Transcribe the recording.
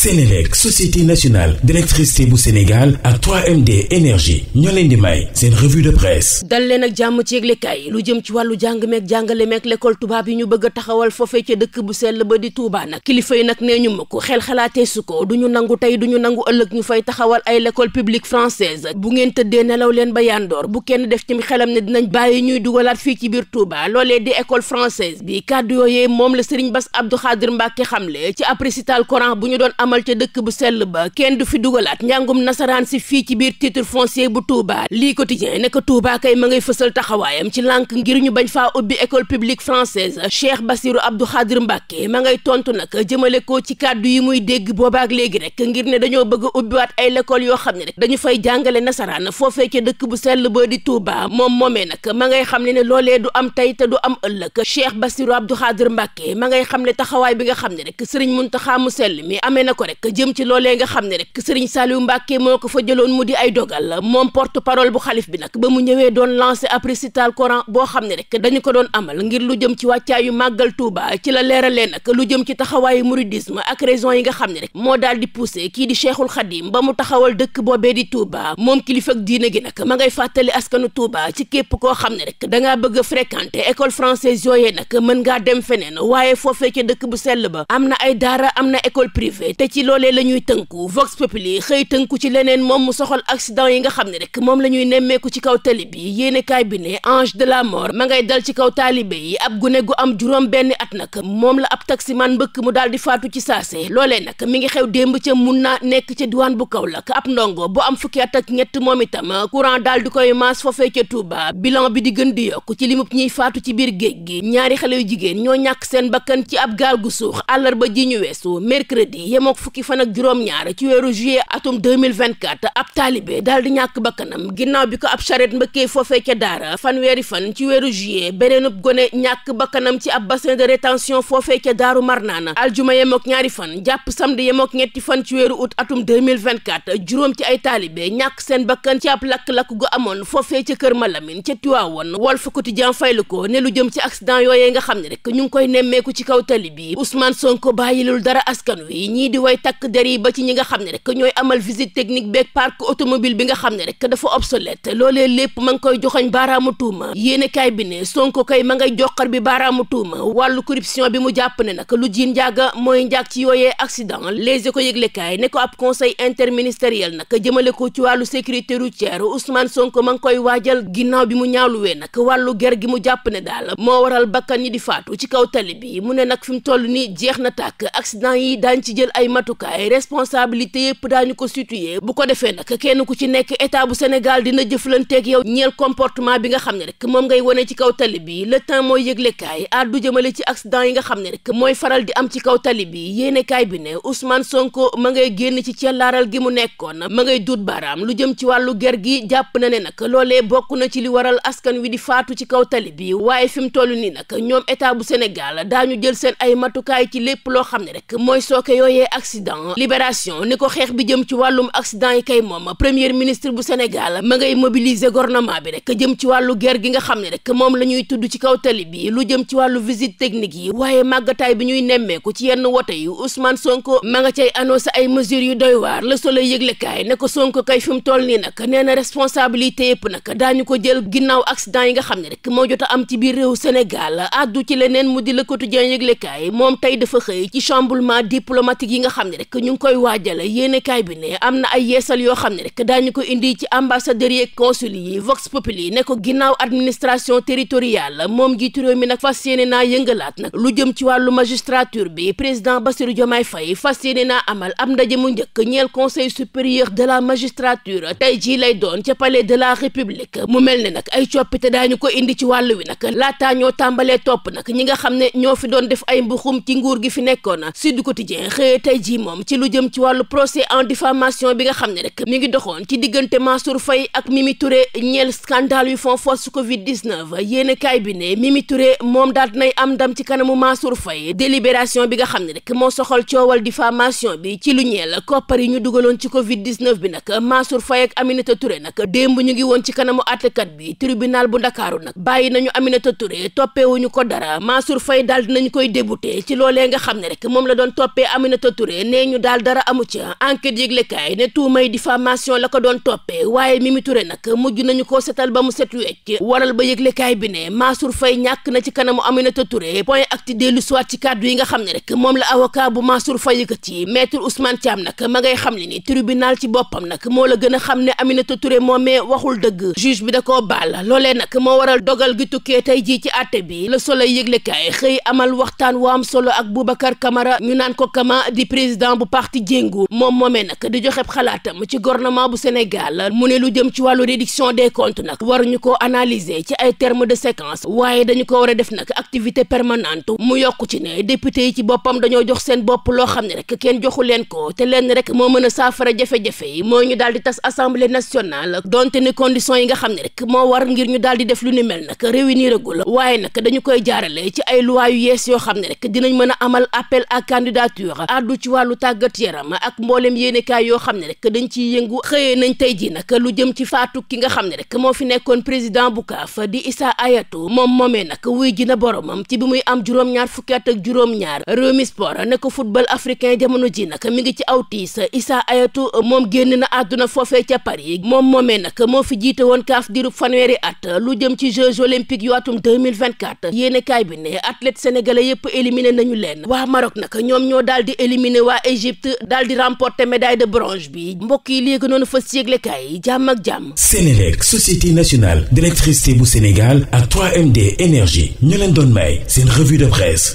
Sénélec société nationale d'électricité bu Sénégal ak md énergie ñoo leen di may seen revue de presse dal leen ak jàmm ci yëglekaay lu jëm ci wàllu jàng meeg jàngale meeg l'école tubaab yi ñu bëgg a taxawal foofee ca dëkk bu sell ba di Touba nag kilifa yi nag nee ñu ma ko xel xalaatee su ko ñu nangu tey du ñu nangu ëllëg ñu fay taxawal ay lekkool publique française bu ngeen tëddee nelaw leen ba yandoor bu kenn def ci xelam ne dinañ bàyyi ñuy dugalaat fii ci biir Touba loolee di école française bi kàddu yooyee moom la Serigne Bass Abdou Khadir Mbacké amal ca dëkk bu sell ba kenn du fi dugalaat njàngum nasaraan si fii ci biir titre foncier bu Touba lii quotidien ne ko Touba kay ma ngay fësal taxawaayam ci lànk ngir ñu bañ faa ubbi école publique française Cheikh Bassirou Abdou ma ngay tontu nag jëmale ko ci kàddu yi muy dégg boobaak léegi rek ngir ne dañoo bëgg a waat ay l'école yoo xam ne rek dañu fay jàngale nasaraan foofee ca dëkk bu sell ba di Touba moom moomee nag ma ngay xam ne ne loolee du am tey te du am ëllëg Cheikh Bassirou Abdou Khadir sell mi amee na na ko rek jëm ci loolee nga xam ne rek sëriñ Saliou Mbacke moo ko fa jëloon mu di ay dogal moom porte parole bu xalif bi nag ba mu ñëwee doon lancé ab récital coran boo xam ne rek dañu ko doon amal ngir lu jëm ci wàccaayu màggal Touba ci la leeralee nag lu jëm ci taxawaayu mouridisme ak raison yi nga xam ne rek moo daal di poussé kii di Cheikhul Khadim ba mu taxawal dëkk boobee di Touba moom kilifa ak diine gi nag ma ngay fàttali askanu Touba ci képp koo xam ne rek dangaa bëgg a fréquenter école française yooyee nag mën ngaa dem feneen waaye foofee ci dëkk bu sell ba am na ay daara am na école privée yéene te ci loolee la ñuy tënku Vox Populi xëy tënku ci leneen moom mu soxal accident yi nga xam ne rek moom la ñuy nemmeeku ci kaw tali bi yéene kaay bi ne ange de la mort ma ngay dal ci kaw taalibe yi ab gune gu am juróom benn at nag moom la ab man mbëkk mu daal di faatu ci saase loolee nag mi ngi xew démb ca mun naa nekk ca diwaan bu Kaolack ab ndongo bu am fukki at ak ñett moom itam courant daal di koy maas foofee ca Touba bilan bi di gën yokk ci limub ñiy faatu ci biir géej gi ñaari xale yu jigéen ñoo ñàkk seen bakkan ci ab gaal gu suux àllarba ji ñu weesu mercredi yemook fukki fan ak juróom-ñaar ci weeru juillet atum 2024 ab taalibe daal di ñàkk bakkanam ginnaaw bi ko ab charrette mbëkkee foofee ca daara fanweeri fan ci weeru juillet beneenub gone ñàkk bakkanam ci ab bassin de rétention foofee ca daaru marnaana aljuma yemook ñaari fan jàpp samedi yemook ñetti fan ci weeru août atum 2024 juróom ci ay taalibe ñàkk seen bakkan ci ab lakk-lakk gu amoon foofee ca kër Malamine ca Tiwaawoon Walf Quotidien faylu ko ne lu jëm ci accident yooyee nga xam ne rek ñu ngi koy nemmeeku ci kaw tali bi Ousmane Sonko bàyyilul dara askan di way takk der yi ba ci ñi nga xam ne rek ñooy amal visite technique beeg parc automobile bi nga xam ne rek dafa obsolète loolee lépp ma nga koy joxoñ baaraamu tuuma yéene bi ne Sonko kay ma ngay joxar bi baaraamu tuuma wàllu corruption bi mu jàpp ne nag lu jiin njaaga mooy njaag ci yooyee accident les ko yëglekaay ne ko ab conseil interministériel nag jëmale ko ci wàllu sécurité routière Ousmane Sonko ma ngi koy waajal ginnaaw bi mu ñaawluwee nag wàllu ger gi mu jàpp ne daal moo waral bakkan yi di faatu ci kaw tali bi mu ne nag fi mu toll ni jeex na tàkk accident yi daañ ay matukaay responsabilité yëpp daañu ko situé bu ko defee nag kenn ku ci nekk état bu Sénégal dina jëflanteeg yow ñeel comportement bi nga xam ne rek moom ngay wane ci kaw tali bi le temps mooy yëglekaay addu jëmale ci accident yi nga xam ne rek mooy faral di am ci kaw tali bi yéenekaay bi ne Ousmane Sonko ma ngay génn ci cellaaral gi mu nekkoon ma ngay duut baaraam lu jëm ci wàllu ger gi jàpp na ne nag loolee bokk na ci li waral askan wi di faatu ci kaw tali bi waaye fi mu toll nii nag ñoom état bu Sénégal daañu jël seen ay matukaay ci lépp xam accident libération ni ko xeex bi jëm ci wàllum accident yi kay moom premier ministre bu Sénégal ma ngay mobiliser gouvernement bi rek jëm ci wàllu ger gi nga xam ne rek moom la ñuy tudd ci kaw tali bi lu jëm ci wàllu visite technique yi waaye màggataay bi ñuy nemmeeku ci yenn wote yu Ousmane Sonko ma nga cay annoncé ay mesures yu doy waar Le Soleil yëglekaay ne ko Sonko kay fi mu toll nii nag nee na responsabilité yëpp nag daañu ko jël ginnaaw accident yi nga xam ne rek moo jot am ci biir réew Sénégal addu ci leneen mu di Le Quotidien yëglekaay moom tey dafa xëy ci chamboulement diplomatique yi nga xam ne rek ñu ngi koy waajale yéenekaay bi ne am na ay yeesal yoo xam ne rek daañu ko indi ci ambassadeurs yeeg consul yi vox populi ne ko ginnaaw administration territoriale moom jiitu réew mi nag fas yéene naa yëngalaat nag lu jëm ci wàllu magistrature bi président Bassirou Diomaye Faye fas yéene naa amal am ndaje mu njëkk ñeel conseil supérieur de la magistrature tey jii lay doon ca palais de la république mu mel ne nag ay coppite daañu ko indi ci wàllu wi nag laataa ñoo tàmbalee topp nag ñi nga xam ne ñoo fi doon def ay mbuxum ci nguur gi fi nekkoon tey jii moom ci lu jëm ci wàllu procès en diffamation bi nga xam ne rek mi ngi doxoon ci diggante Mansour Faye ak Mimi Touré ñeel scandale yu fond force Covid 19 yéene kaay bi ne Mimi Touré moom daal dinay am ndam ci kanamu Mansour Faye délibération bi nga xam ne rek moo soxal coowal diffamation bi ci lu ñeel koppar yi ñu dugaloon ci Covid 19 bi nag Mansour Faye ak Aminata Touré nag démb woon ci kanamu àttekat bi tribunal bu Ndakaaru nag bàyyi nañu Aminata Touré toppeewuñu ko dara Mansour Faye daal dinañu koy débouté ci loolee nga xam ne rek moom la doon toppee Aminata Touré Touré nee ñu daal dara amu ci enquête yëglekaay ne tuumay diffamation la ko doon toppee waaye Mimi Touré nag mujj nañu ko setal ba mu set wecc waral ba yëglekaay bi ne Mansour Faye ñàkk na ci kanamu Aminata Touré point acti ci kàddu yi nga xam ne rek moom la avocat bu Mansour Faye yëkkati maître Ousmane Thiam nag ma ngay xam ne ni tribunal ci boppam nag moo la gën a xam ne Aminata Touré moomee waxul dëgg juge bi da koo baal loolee nag moo waral dogal gi tukkee tey jii ci àtte bi Le Soleil yëglekaay xëy amal waxtaan waam solo ak Boubacar Camara ñu naan di président bu parti jéngu moom moomee nag di joxe xalaatam ci gouvernement bu Sénégal mu ne lu jëm ci wàllu réduction des comptes nag waruñu ko analyser ci ay termes de séquence waaye dañu ko war a def nag activité permanente mu yokk ci ne député yi ci boppam dañoo jox seen bopp loo xam ne rek kenn joxu leen ko te leen rek moo mën a saafara jafe-jafe yi mooy ñu daal di tas assemblée nationale donte ne conditions yi nga xam ne rek moo war ngir ñu daal di def lu ni nag réunir agul waaye nag dañu koy jaarale ci ay loi yu yoo xam ne rek dinañ mën a amal appel à jublu ci wàllu tàggat yaram ak mboolem yéenekaay yoo xam ne rek dañ ciy yëngu xëyee nañ tey ji nag lu jëm ci faatu ki nga xam ne rek moo fi nekkoon président bu kaaf di Issa Hayatou moom moomee nag wuy ji na boromam ci bi muy am juróom-ñaar fukki at ak juróom-ñaar réew mi sport ne ko football jamono ji nag mi ngi ci aw tiis Issa Hayatou moom génn na àdduna foofee ca Paris moom moomee nag moo fi jiite woon kaaf dirub fanweeri at lu jëm ci Jeux olympiques yu atum 2024 yéenekaay bi ne athlète sénégalais yëpp éliminé nañu leen waa Maroc nag ñoom ñoo ne waa Égypte daal di remporter médaille de bronze bi mbokk yi léegi noonu fas yéeglekaay jàmm ak jàmm. Sénélec société nationale d'électricité bu Sénégal ak 3MD énergie ñu leen doon may seen revue de presse.